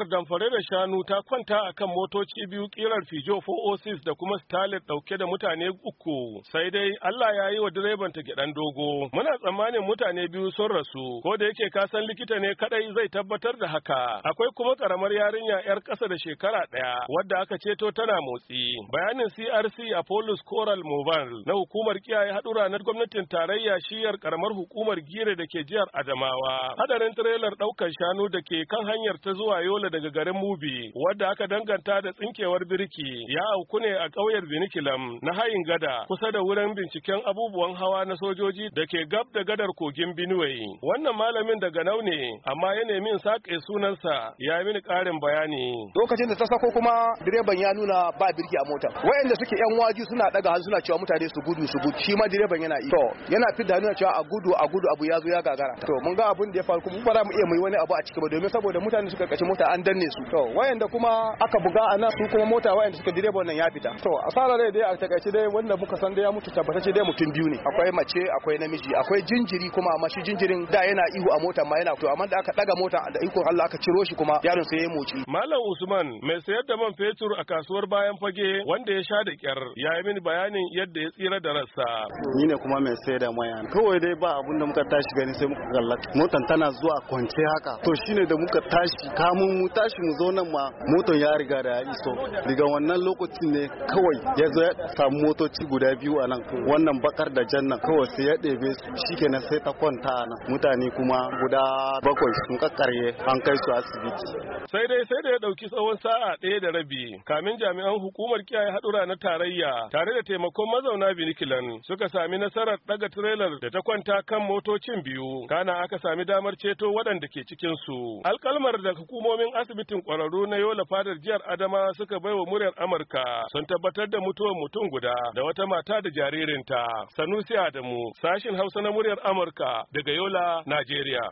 hukumar Damfare da Shanu ta kwanta a kan motoci biyu kirar Fijo 406 da kuma Starlet dauke da mutane uku. Sai dai Allah ya yi wa direban ta gidan dogo. Muna tsammanin mutane biyu sun rasu, ko da yake ka san likita ne kadai zai tabbatar da haka. Akwai kuma karamar yarinya 'yar ƙasa da shekara ɗaya wadda aka ceto tana motsi. Bayanin CRC Apollos Coral Mobile na hukumar kiyaye haɗura na gwamnatin tarayya shiyar karamar hukumar Gire da ke jihar Adamawa. Hadarin tirelar ɗaukar shanu da ke kan hanyar ta zuwa Yola daga garin Mubi wadda aka danganta da tsinkewar birki ya auku ne a ƙauyar Binikilam na hayin gada kusa da wurin binciken abubuwan hawa na sojoji da ke gab da gadar kogin Binuwe. Wannan malamin daga nau ne amma ya nemi sake sunansa ya yi mini ƙarin bayani. Lokacin da ta sako kuma direban ya nuna ba birki a mota. Wayanda suke yan waji suna daga hannu suna cewa mutane su gudu su gudu shi ma direban yana yi. To yana fidda nuna cewa a gudu a gudu abu ya zo ya gagara. To mun ga abin da ya faru kuma ba za mu iya mu yi wani abu a ciki ba domin saboda mutane suka kace mota an danne su to wayanda kuma aka buga a nan su kuma mota wayanda suka direba wannan ya fita to asara dai dai a takaice dai wanda muka san dai ya mutu tabbatacce dai mutum biyu ne akwai mace akwai namiji akwai jinjiri kuma amma shi jinjirin da yana ihu a mota ma yana to amma da aka daga mota da ikon Allah aka ciro shi kuma yaron sai ya moci malam Usman mai sayar da man fetur a kasuwar bayan fage wanda ya sha da kyar ya yi mini bayanin yadda ya tsira da rassa ni ne kuma mai sayar da mayan kawai dai ba abun da muka tashi gani sai muka kalla motan tana zuwa kwance haka to shine da muka tashi kamun tashi mu zo nan ma moton ya riga da ya iso daga wannan lokacin ne kawai ya zo ya samu motoci guda biyu a nan wannan bakar da Janna kawai sai ya ɗebe su sai ta kwanta a nan mutane kuma guda bakwai sun kakkarye an kai su asibiti sai dai sai da ya ɗauki tsawon sa'a ɗaya da rabi kamin jami'an hukumar kiyaye haɗura na tarayya tare da taimakon mazauna binikilan suka sami nasarar ɗaga tirelar da ta kwanta kan motocin biyu kana aka sami damar ceto waɗanda ke cikin su alkalmar da hukumomin asibitin kwararru na Yola Fadar jihar Adama suka bai wa muryar Amurka sun tabbatar da mutuwar mutum guda da wata mata da jaririnta. Sanusi Adamu, sashin Hausa na muryar Amurka daga Yola, Najeriya.